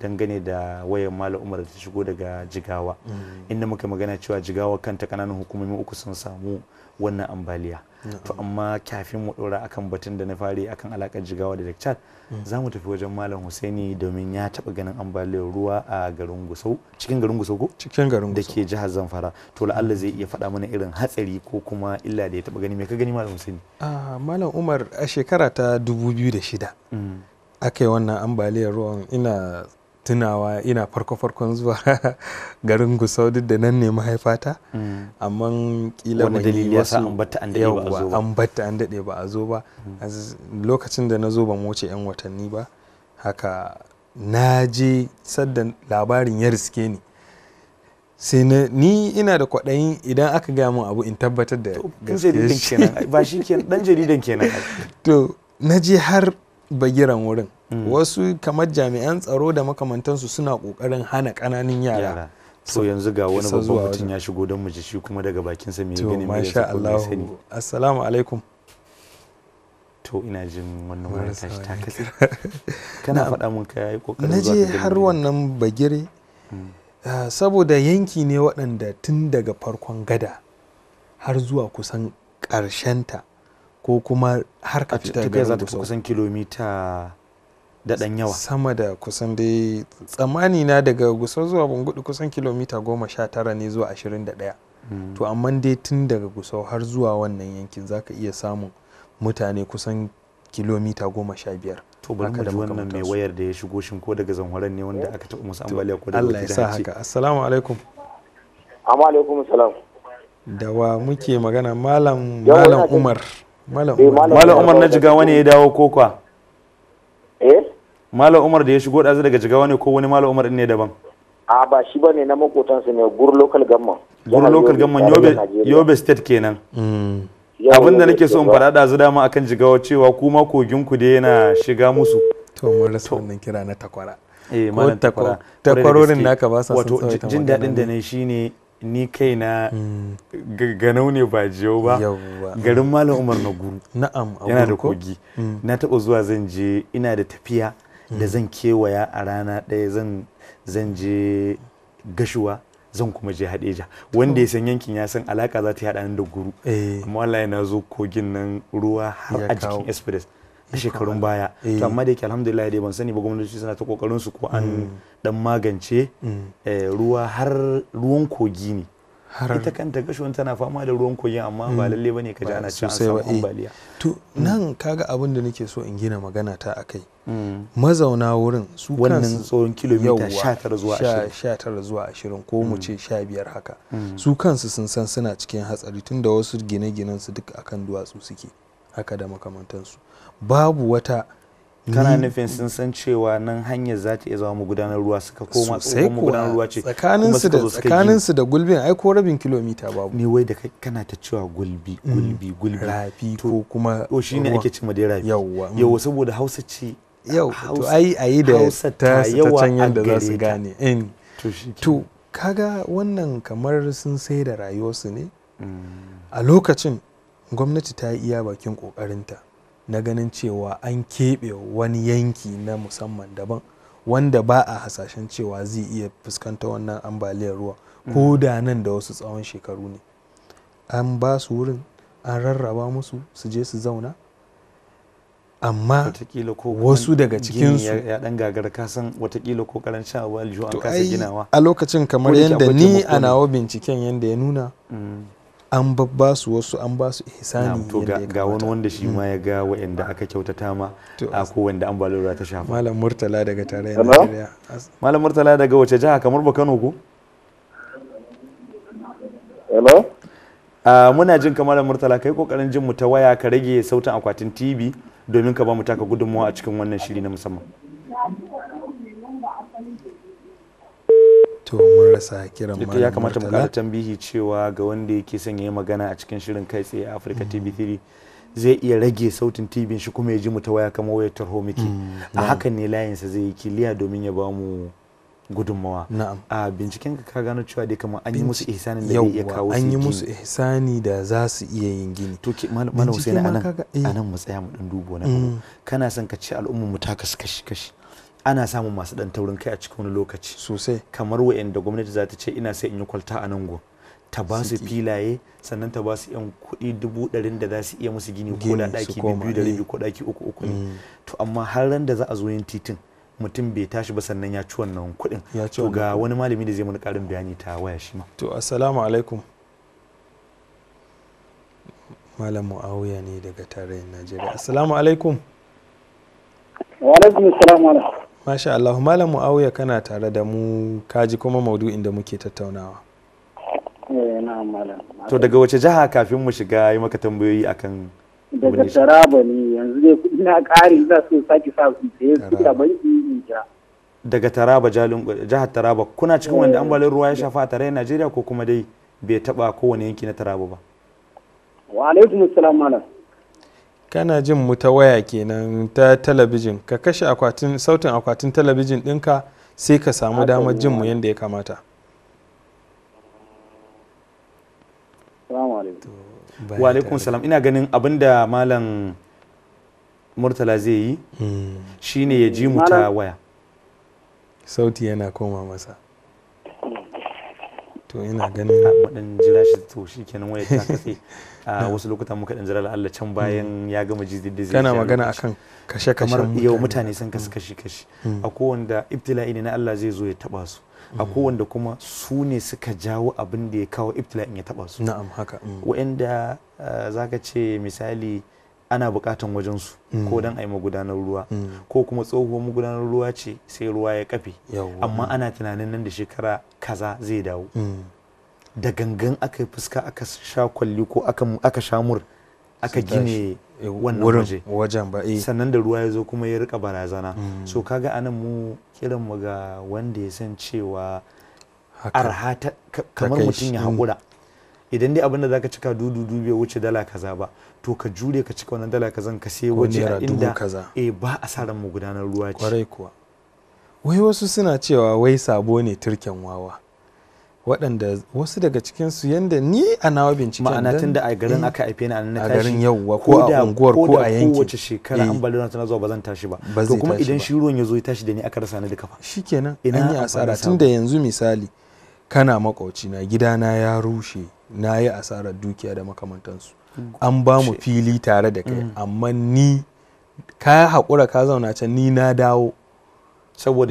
dangane da wayan malam umar da ta shigo daga jigawa mm-hmm. inda muka magana cewa jigawa kanta kananan hukumomi uku sun samu wannan ambaliya to amma kafin mu dora akan batun da na fari akan alakar jigawa da dakchat mm. za mu tafi wajen Malam Husaini domin ya taba ganin ambaliyar ruwa a garin Gusau cikin garin Gusau ko cikin garin Gusau dake jihar Zamfara to Allah zai iya faɗa mana irin hatsari ko kuma illa da ya taba gani me ka gani Malam Husaini ah Malam Umar a shekara ta 2006 mm. aka yi wannan ambaliyar ruwan ina tunawa ina farko-farkon zuwa *laughs* garin gusau duk da nan ne mahaifata mm. amma kila wani dalili ya an batta an daɗe ba a zo ba an batta an daɗe ba a zo ba mm. lokacin da na zo ba wuce yan watanni ba haka na je sadda labarin ya riske ni sai na ni ina da kwaɗayin idan aka gaya min abu in tabbatar da gaskiya shi ba shi kenan dan jaridan kenan to na je har bagiran wurin wasu kamar jami'an tsaro da makamantansu suna kokarin hana kananan yara so yanzu ga wani babban mutum ya shigo don muji shi kuma daga bakin sa me gani mai sha Allah assalamu alaikum to ina jin wannan wani tashi ta kasa *laughs* kana faɗa mun ka yi kokarin na je har wannan bagire mm. ah, saboda yanki ne waɗanda tun daga farkon gada har zuwa kusan ƙarshenta ko kuma har ka fita garin kusan kilomita da ɗan yawa sama da kusan dai tsammani na daga gusa zuwa bangudu kusan kilomita goma sha tara ne zuwa ashirin da ɗaya hmm. to amma dai tun daga gusau har zuwa wannan yankin zaka iya samun mutane kusan kilomita goma sha biyar to ba mu ji wannan mai wayar da ya shigo shin ko daga zanwaran ne wanda aka taɓa musu ambaliya ko da Allah ya sa haka assalamu alaikum amma alaikum salam da wa muke magana malam eh, malam Umar malam Umar na jiga wani ya dawo ko kwa eh malam umar da ya shigo ɗazu daga jigawa ne ko wani malam umar ne daban a ba shi bane na makotansa ne gur local gamman gur local gamman yobe, state kenan hmm. abin da nake so in faɗa ɗazu dama akan jigawa cewa kuma kogin ku da yana shiga musu to mun rasa wannan kira na takwara eh malam takwara takwarorin naka ba sa wato jin daɗin da ne shine ni kaina hmm. ganau ne ba jiyau ba garin malam umar na guru na'am yana da kogi hmm. na taɓa zuwa zan je ina da tafiya Mm. da zan kewaya a rana ɗaya zan zan je gashuwa zan kuma je hadeja wanda ya san yankin ya san alaka za ta yi nan da guru eh. amma wallahi na zo kogin nan ruwa har a jikin express a shekarun baya eh. to amma da yake alhamdulillah dai ban sani ba gwamnati suna ta kokarin su ko an dan mm. magance mm. eh, ruwa har ruwan kogi ne ita kanta gashuwan tana fama da ruwan kogin amma ba mm. lalle bane ka ji ana cewa samu eh. ambaliya to mm. nan kaga abin da nake so in gina magana ta akai mm. mazauna wurin su wannan tsohon kilomita 19 zuwa 20 19 zuwa 20 ko mu ce 15 haka su kansu sun san suna cikin hatsari tunda wasu gine-ginen su duk akan duwatsu suke haka da makamantansu babu wata kana nufin sun san cewa nan hanyar za ta iya zama gudanar ruwa suka koma tsohon ruwa ce tsakaninsu da da gulbin ai ko rabin kilomita babu ne wai da kana ta cewa gulbi mm. gulbi gulbi rafi ko kuma to shine ake cewa dai rafi yawa mm. yawa saboda Hausa ce yau to ai ayi da ta a yadda za su gane in eh, to kaga wannan kamar sun sai da rayuwarsu ne mm. a lokacin gwamnati ta yi iya bakin kokarinta na ganin cewa an keɓe wani yanki na musamman daban wanda ba a hasashen cewa zai iya fuskanta wannan ambaliyar ruwa mm. ko da nan da wasu tsawon shekaru ne an ba su wurin an rarraba musu su je su zauna amma wasu daga cikinsu ya dan gagar kasan watakila ko karancin abuwa aljihu an kasa ginawa a lokacin kamar yadda ni a nawa binciken yadda ya nuna mm. an babba su wasu an ba su ihsani to ga wani wanda shi ma hmm. ya ga waɗanda aka kyautata ma a ko wanda an balura ta shafa malam murtala daga tarayya Nigeria malam murtala daga wace jiha kamar ba Kano ko hello muna jin kamar murtala kai kokarin jin mu ta waya ka rage sautin akwatin TV domin ka ba mu taka gudunmawa a cikin wannan shiri na musamman to mun rasa kiran malam ya kamata mu kara tambihi cewa ga wanda yake son yayi magana a cikin shirin kai tsaye Africa mm. TV3 zai iya rage sautin TV shi kuma ya ji mu ta waya kamar wayar tarho miki mm, a hakan ne layinsa zai yi kiliya domin ya ba mu gudunmawa a binciken ka ka gano cewa dai kamar an yi musu ihsanin da zai iya kawo su an yi musu ihsani da za su iya yin gini to ke mana husaini anan anan eh. mu tsaya mu dan dubo na mm. kana son ka ci al'ummar mu ta kashi kashi ana samun masu dan taurin kai a cikin wani lokaci sosai kamar wa'anda gwamnati za ta ce ina sai in yi kwalta a nan go ta ba su filaye sannan ta ba su yan kuɗi dubu ɗarin da za su iya musu gini ko da ɗaki biyu da rabi eh. ko ɗaki uku uku ne mm. to amma har ran da za a zo yin titin mutum bai tashi ba sannan ya ci wannan kuɗin to ga wani malami da zai mana ƙarin bayani ta waya shi ma to assalamu alaikum malam mu'awiya ne daga tarayyar najeriya assalamu alaikum wa alaikum assalam Masha Allah, Malam Mu'awiya kana tare da mu kaji kuma maudu'in da muke tattaunawa. Eh, to daga wace jiha kafin mu shiga yi maka tambayoyi akan Daga Taraba ne yanzu dai ina ƙari za su saki sa su saye su da banki in ja. Daga Taraba jihar Taraba kuna cikin wanda eh. ambalin ruwa ya shafa a tarayyar Najeriya ko kuma dai bai taba kowane yanki na Taraba ba. Wa alaikum assalam malam. kana jin mu ta waya kenan ta talabijin ka kashe akwatin sautin akwatin talabijin ɗinka sai ka samu damar jin mu yadda ya kamata walaikun salam ina ganin abinda malam murtala zai yi hmm. shine ya ji mu ta waya sauti yana koma masa to ina ganin dan jira shi to shikenan waya ta katse *laughs* a wasu lokutan muka dan jira Allah can bayan hmm. ya gama jididdizi kana magana akan kashe kamar yau mutane sun hmm. kasu kashi hmm. kashi a kowanda ibtila'i ne na Allah zai zo ya taba su a kowanda kuma su ne suka jawo abin da ya kawo ibtila'in ya taba su na'am haka wa'anda eh, zaka ce misali ana bukatan wajen su mm. ko dan ayi magudanar ruwa mm. ko kuma tsohuwar magudanar ruwa ce sai ruwa ya kafe amma ana tunanin nan da shekara kaza zai dawo mm. da gangan aka yi fuska aka sha kwalli ko aka sha mur aka gine eh, wannan waje. Eh. sannan da ruwa ya zo kuma ya rika barazana so kaga anan mu kiran mu ga wanda ya san cewa arha kamar mutum ya haƙura idan dai abin da zaka cika dudu dubiya ya wuce dala kaza ba to ka jure ka cika wannan dala kaza ka sai waje a inda eh ba a sa mu gudanar ruwa ce kwarai kuwa wai wasu suna cewa wai sabo ne turken wawa waɗanda wasu daga cikinsu yadda ni a nawa binciken ma'ana tun da a garin eh, aka haife ni a nan garin yauwa ko a unguwar ko a yankin ko wace shekara eh. an balona tana zuwa ba zan tashi ba to kuma idan shi ruwan ya zo ya tashi da ni aka rasa ni da kafa shikenan an yi asara tun da yanzu misali kana makauci na gidana ya rushe na yi asarar dukiya da makamantansu an ba mu fili tare da kai mm. amma ni ka haƙura ka zauna can ni na dawo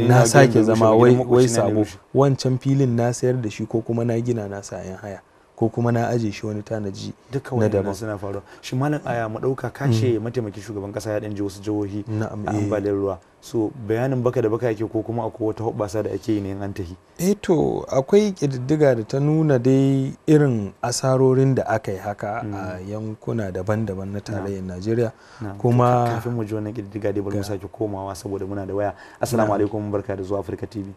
na sake zama wai sabo wancan filin na sayar da shi ko kuma na gina na sayan haya ko kuma na aje shi wani tanaji duka wannan suna faruwa shi malam aya mu dauka ka ce mm. mataimakin shugaban kasa ya dan je wasu jihohi a eh. ambalin ruwa so bayanin baka da baka yake ko kuma akwai wata hoɓasa da ake yi ne an tahi eh to akwai ƙididdiga da ta nuna dai irin asarorin da aka yi haka a mm. yankuna daban-daban na tarayyar najeriya kuma kafin mu ji wannan ƙididdiga dai bari mu sake komawa saboda muna da waya assalamu alaikum barka da zuwa afirka tv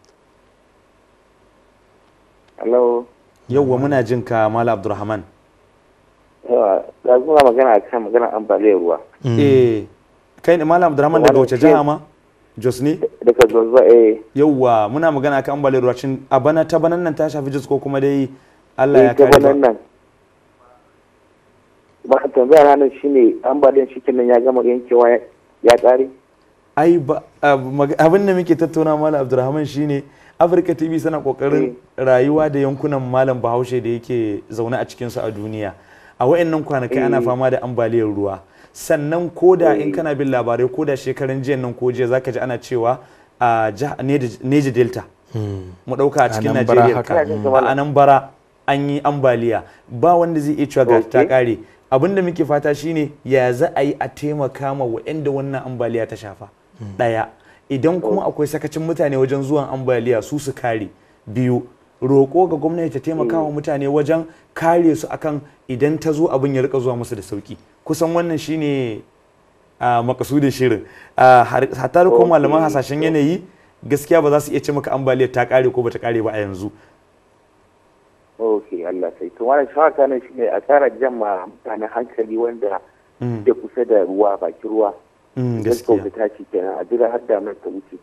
hello yauwa muna jin ka mala abdurrahman da zuwa magana a kan magana ambaliyar ruwa mm. eh kai ne mala abdurrahman daga wace jiha ma jos ne daga jos ba eh yauwa muna magana kan ambaliyar ruwa cin a bana ta banan nan ta shafi jos ko kuma dai Allah ya eh, kare ta nan ba tambaya na shine ambaliyar shi nan ya gama yankewa ya kare ai ba abin da muke tattauna mala abdurrahman shine Afirka TV suna kokarin eh. rayuwa da yankunan malam Bahaushe da yake zaune a cikin su a duniya. A wayannan kwanaki ana eh. fama da ambaliyar ruwa. Sannan koda in eh. kana bin labarai koda shekaran jiya nan ko jiya zaka ji ana cewa a Neja Delta. Hmm. Mu dauka a cikin Najeriya. A nan bara an yi ambaliya ba wanda zai iya cewa ga ta kare. Abin da muke fata shine ya za a yi a taimaka ma waɗanda wannan ambaliya ta shafa. Hmm. Ɗaya. idan kuma oh. akwai sakacin mutane wajen zuwan ambaliya su su kare biyu roƙo ga gwamnati ta taimaka wa hmm. mutane wajen kare su akan idan ta zo abin ya rika zuwa musu da sauki kusan wannan shine a makasudin shirin hatta da malaman hasashen yanayi gaskiya ba za su iya ce maka ambaliyar ta kare ko bata kare ba a yanzu ok Allah sai to wannan shawaka ne shine a tsara jama mutane hankali wanda da hmm. kusa da ruwa baki ruwa Mm, gaskiya ta kenan a jira har damar ta wuce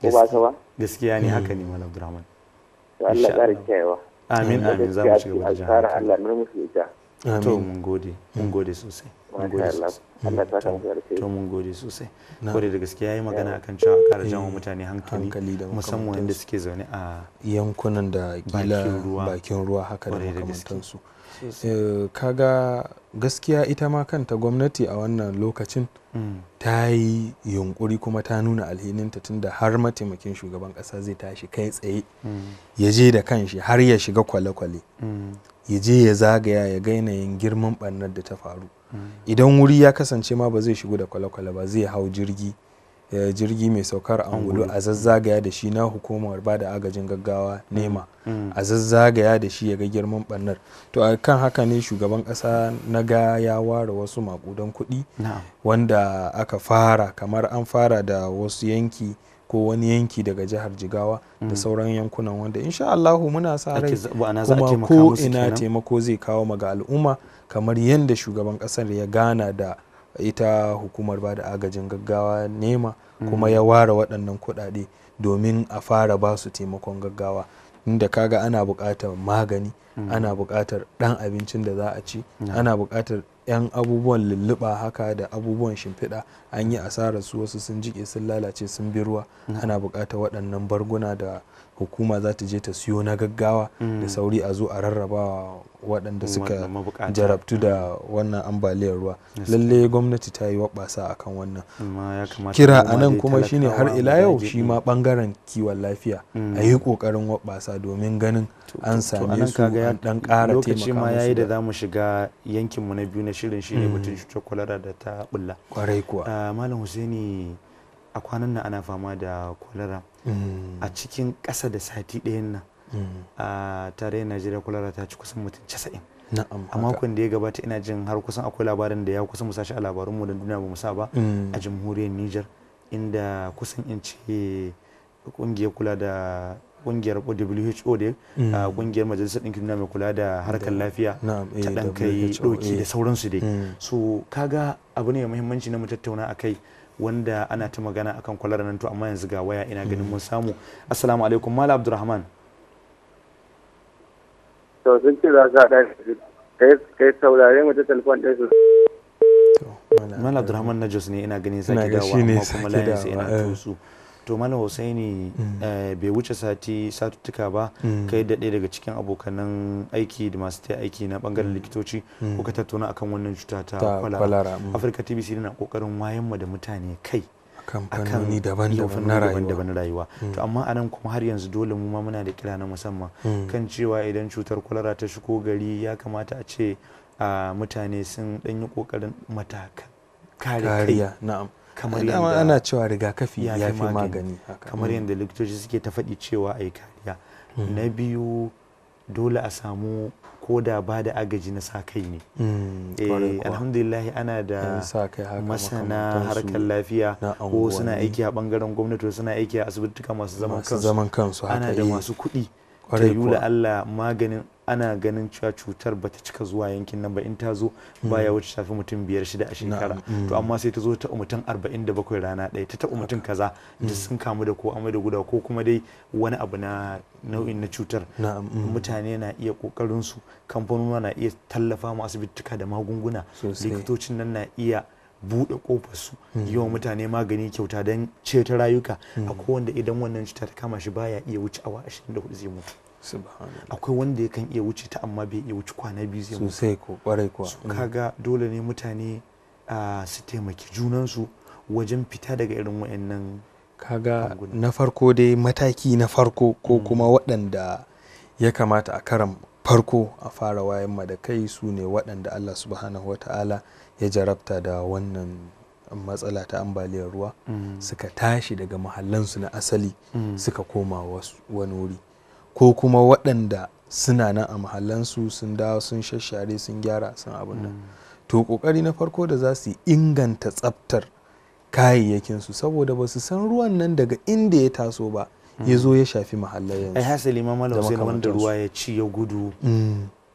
ko ba ta ba gaskiya ne mm. haka ne malam Abdurrahman to Allah ya ƙara kiyayewa amin amin za mu shiga wajen da jihar Allah mun musu ita to mun gode mun mm. gode sosai mun gode sosai to mun gode sosai gode da gaskiya yayi magana akan cewa kare jama'a eh, mutane hankali musamman wanda suke zaune a yankunan da gila bakin ruwa haka da makamantansu Eh, kaga gaskiya ita ma kanta gwamnati a wannan lokacin mm. ta yi yunkuri kuma ta nuna alhininta tunda har mataimakin shugaban kasa zai tashi kai tsaye mm. ya je da kanshi har ya shiga kwale-kwale mm. ya je ya zagaya ya ga yanayin girman ɓannar da ta faru idan wuri ya kasance ma ba zai shigo da kwale-kwale ba zai hau jirgi jirgi mai saukar angulu a zazzagaya da shi na hukumar ba da agajin gaggawa mm. nema mm. a zazzagaya da shi ya ga girman bannar to a kan haka ne shugaban kasa na ga ya ware wasu makudan kuɗi wanda aka fara kamar an fara da wasu yanki ko wani yanki daga jihar jigawa da mm. sauran yankunan wanda insha Allahu muna sa rai kuma ko ina taimako zai kawo maga al'umma kamar yadda shugaban kasar ya gana da ita hukumar ba da agajin gaggawa nema mm. kuma ya ware waɗannan kuɗaɗe domin a fara ba su taimakon gaggawa inda kaga ana buƙatar magani mm. ana buƙatar ɗan abincin da za a ci ana buƙatar 'yan abubuwan lulluɓa haka da abubuwan shimfiɗa an yi asarar su wasu sun jike sun lalace sun bi ruwa mm. ana buƙatar waɗannan barguna da hukuma za ta je ta siyo na gaggawa da sauri a zo a rarrabawa waɗanda suka jarabtu da wannan ambaliyar ruwa lalle gwamnati ta yi waɓasa a kan wannan kira a nan kuma shine har ila yau shi ma ɓangaren kiwon lafiya a mm. yi ƙoƙarin waɓasa domin ganin an same su an ɗan ƙara taimaka ma yayi da zamu shiga yankinmu na biyu na shirin shine mm. batun cutar kwalara da ta kwarai kuwa ah, malam husaini a kwanan nan ana fama da kwalara mm. a cikin ƙasa da sati ɗayan nan a tarayyar najeriya kwalara ta ci kusan mutum casa'in a makon da ya gabata ina jin har kusan akwai labarin da ya kusan musashi a mu da duniya ba mu sa ba mm. a jamhuriyar niger inda kusan in ce kungiyar kula da kungiyar WHO da kungiyar mm. majalisar ɗinkin duniya mai kula da harkar lafiya eh, ta ɗan kai ɗoki eh. da sauransu dai mm. so kaga abu ne mai muhimmanci na mu tattauna kai. wanda ana ta magana akan kwalara nan to amma yanzu ga waya ina ganin mun samu assalamu alaikum mala abdurrahman to sun ce za su haɗa kai saurare mu ta telefon ɗin su Malam Abdulrahman Najos ne ina ganin sake dawa amma kuma layin sa ina eh. tusu. To Malam Hussaini mm. eh, bai wuce sati satuttuka ba mm. kai da ɗaya daga cikin abokanan aiki da masu taya aiki na bangaren mm. likitoci kuka tattauna akan wannan cuta ta kwalara. Afirka TBC na kokarin wayan mu da mutane kai kamfanoni daban-daban na rayuwa to hmm. amma anan kuma har yanzu dole mu ma muna da kira na musamman hmm. kan cewa idan cutar kwalara ta shigo gari ya kamata a ce mutane sun ɗan yi ƙoƙarin matakan kare kai na'am kamar yadda ana cewa rigakafi ya fi magani kamar hmm. yadda likitoci suke ta faɗi cewa ayi kariya na biyu dole a samu ko da ba da agaji na sa kai ne mm, eh, alhamdulillah ana da masana harkar lafiya ko suna aiki a bangaren gwamnati suna aiki a asibitika masu zaman kansu ana da eh. masu kuɗi ta yula Allah maganin ana ganin cewa cutar bata cika zuwa yankin nan ba in ta zo baya hmm. wuce tafi mutum biyar shida a shekara hmm. to amma sai ta zo ta mutum arba'in da bakwai rana ɗaya ta taɓa mutum kaza da hmm. sun kamu da ko amai da guda ko kuma dai wani abu na nau'in na cutar mutane na iya kokarin su kamfanona na iya tallafa ma asibitika da magunguna likitocin nan na iya buɗe ƙofarsu yi wa mutane magani kyauta don ceto rayuka hmm. a wanda idan wannan cuta ta kama shi baya iya wuce awa 24 zai mutu akwai wanda ya kan iya wuce ta amma bai iya wuce kwana biyu zai mutu sosai ko kwarai kuwa hmm. kaga dole ne mutane su taimaki junansu wajen fita daga irin wayannan kaga na farko dai mataki na farko ko hmm. kuma waɗanda ya kamata a karan farko a fara wayan ma da kai su ne waɗanda Allah subhanahu wa ta'ala ya jarabta da wannan matsala ta ambaliyar ruwa mm. suka tashi daga mahallansu na asali mm. suka koma wani wuri ko kuma waɗanda suna nan a mahallansu sun dawo sun shashare sun gyara sun abin nan mm. to ƙoƙari na farko da za su inganta tsaftar kayayyakinsu saboda ba su san ruwan nan daga inda ya taso ba ya zo ya shafi mahallai yanzu ai hasali ma malam sai ya ci ya gudu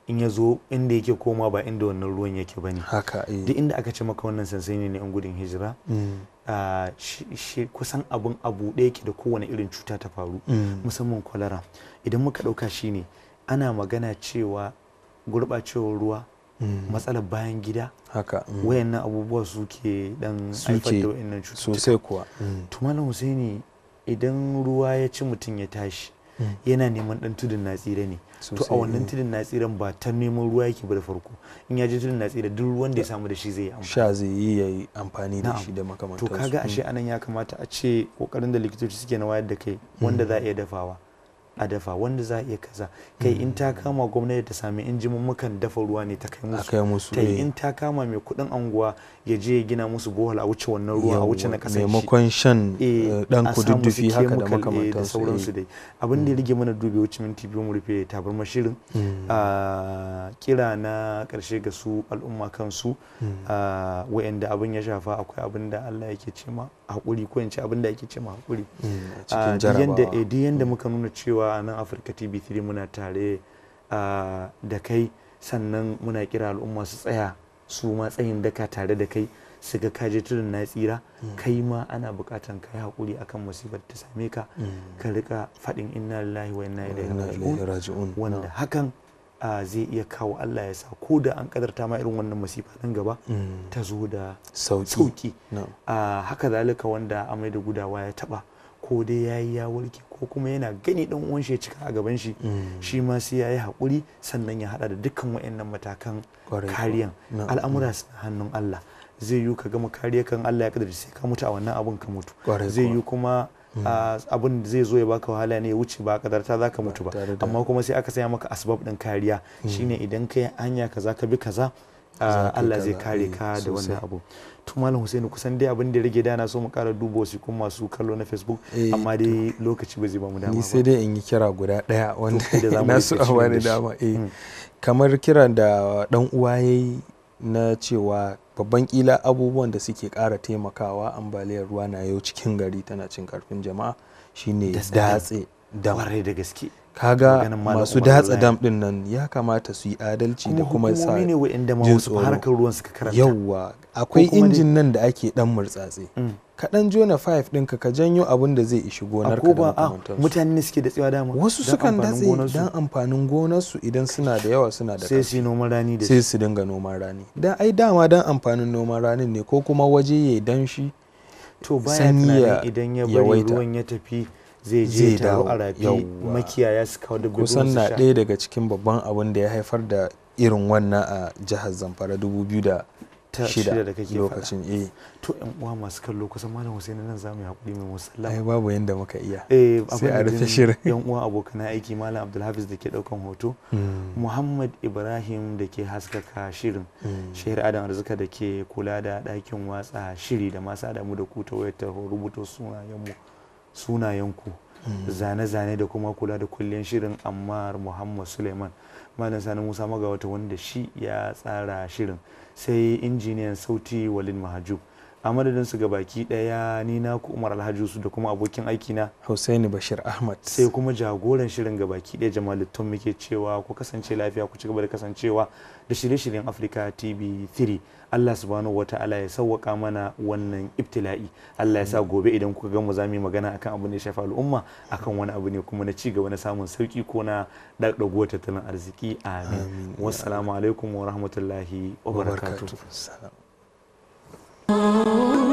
in ya zo inda yake koma ba inda wannan ruwan yake ba ne eh. duk inda aka ce maka wannan sansani ne yan gudun hijira mm. kusan abun abu ɗaya yake da kowane irin cuta ta faru mm. musamman kwalara idan muka ɗauka shi ne ana magana cewa gurɓacewar ruwa mm. matsalar bayan gida haka wayannan abubuwa suke dan haifar da wayannan cuta. sosai kuwa idan ruwa ya ci mutum ya tashi yana neman dan tudun na tsire ne to a wannan eh. tudun na tsiren ba ta neman ruwa yake ba da farko in ya je tudun na tsire duk ruwan da ya samu da shi zai yi amfani sha zai yi yayi amfani da shi da makamantansu to kaga ashe mm. anan ya kamata a ce kokarin da likitoci suke na wayar da kai mm. wanda za a iya dafawa a dafa wanda za a iya kaza kai in ta mm. kama gwamnati ta sami injimin mukan dafa ruwa ne ta kai musu kai eh. in ta kama mai kudin anguwa ya je ya gina musu bohol a wuce wannan ruwa a wuce na kasar maimakon shan dan eh, eh, kududdufi haka da makamantan su sauransu dai abin da ya mm. rige mana dubi wuce minti biyu mu rufe tabar mashirin mm. kira na karshe ga su al'umma kansu wayanda abin ya shafa akwai abin da Allah yake ce ma hakuri ko in ce abin da yake ce ma hakuri cikin jarabawa yanda muka nuna cewa kasancewa a nan afirka tv3 muna tare ah, da kai sannan muna kira al'umma su tsaya su ma tsayin daka tare da kai su ga kaje tudun na tsira mm. kai ma ana bukatan ka yi hakuri akan masifar ta same ka mm. ka rika faɗin inna lillahi wa inna ilaihi raji'un wanda hakan ah, zai iya kawo Allah ya sa ko da an kadarta ma irin wannan masifa nan gaba mm. ta zo da sauki no. Ah, haka zalika wanda amai da gudawa ya taba ko dai yayi ya warke ko kuma yana gani dan uwan shi ya cika a gaban shi mm. shi ma sai ya yi hakuri sannan ya haɗa da dukkan wayannan matakan kariyan al'amura hannun Allah zai yi ka gama kariya kan Allah ya kadar sai ka mutu a wannan abun ka mutu zai yi kuma mm. abin da zai zo ya baka wahala ne ya wuce ba kadarta za ka mutu ba amma kuma sai aka saya maka asbab ɗin kariya mm. shine idan kai hanya kaza ka bi kaza Allah zai kare eh, ka da wannan abu to malam kusan dai abin da rage dana so mu kara dubo shi kuma masu kallo na Facebook eh, amma dai lokaci ba zai ba mu dama ni sai dai in yi kira guda daya wanda *laughs* na su a wani dama eh, hmm. kamar kiran da dan uwa yayi na cewa babban kila abubuwan da suke kara taimakawa ambaliyar ruwa na yau cikin gari tana cin karfin jama'a shine datse da da gaske kaga masu datsa dam din nan ya kamata su yi adalci da kuma sa jin tsoro yawwa akwai injin nan da ake dan murtsatse mm. kaɗan jona 5 ɗinka ka janyo abin da zai ishi gonar ka da ah, mutane ne suke datsewa dama wasu sukan datse dan amfanin gonarsu idan suna da yawa suna da sai su noman rani da sai su dinga noman rani dan ai dama dan amfanin noman ranin ne ko kuma waje ya danshi to baya idan ya bari ruwan ya tafi zai je taro a makiyaya su kawo dabbobin sha kusan na ɗaya daga cikin babban abin da ya haifar da irin wannan a jihar zamfara 2000 shida da kake lokacin eh to yan uwa masu kallo kusan malam Husaini nan zamu hakuri mai musalla ai babu yanda muka iya eh, sai a rufe shirin yan uwa abokan aiki malam Abdulhafiz da ke daukan hoto hmm. Muhammad Ibrahim da ke haskaka shirin hmm. Shehir Adam Arzika da ke kula da dakin watsa shiri da masu adamu da ku ta wayar ta rubuta sunayen mu sunayenku zane-zane da kuma kula da kulliyan shirin ammar muhammad suleiman malam sani musa magawata wanda shi ya tsara shirin sai injiniyan sauti walid mahajub a madadin su baki daya ni na ku Umar Alhaji su da kuma abokin aiki na Hussaini Bashir Ahmad sai kuma jagoran shirin gabaki daya Jamal Tun muke cewa ku kasance lafiya ku ci gaba da kasancewa da shirye-shiryen Africa TV 3 Allah subhanahu wata'ala ya sauwaka mana wannan ibtila'i Allah ya sa gobe idan kuka ga mu za mu yi magana akan abu ne ya shafi al'umma akan wani abu ne kuma na ci gaba na samun sauki ko na dagdago tattalin arziki amin wassalamu alaikum wa rahmatullahi wa barakatuh Oh.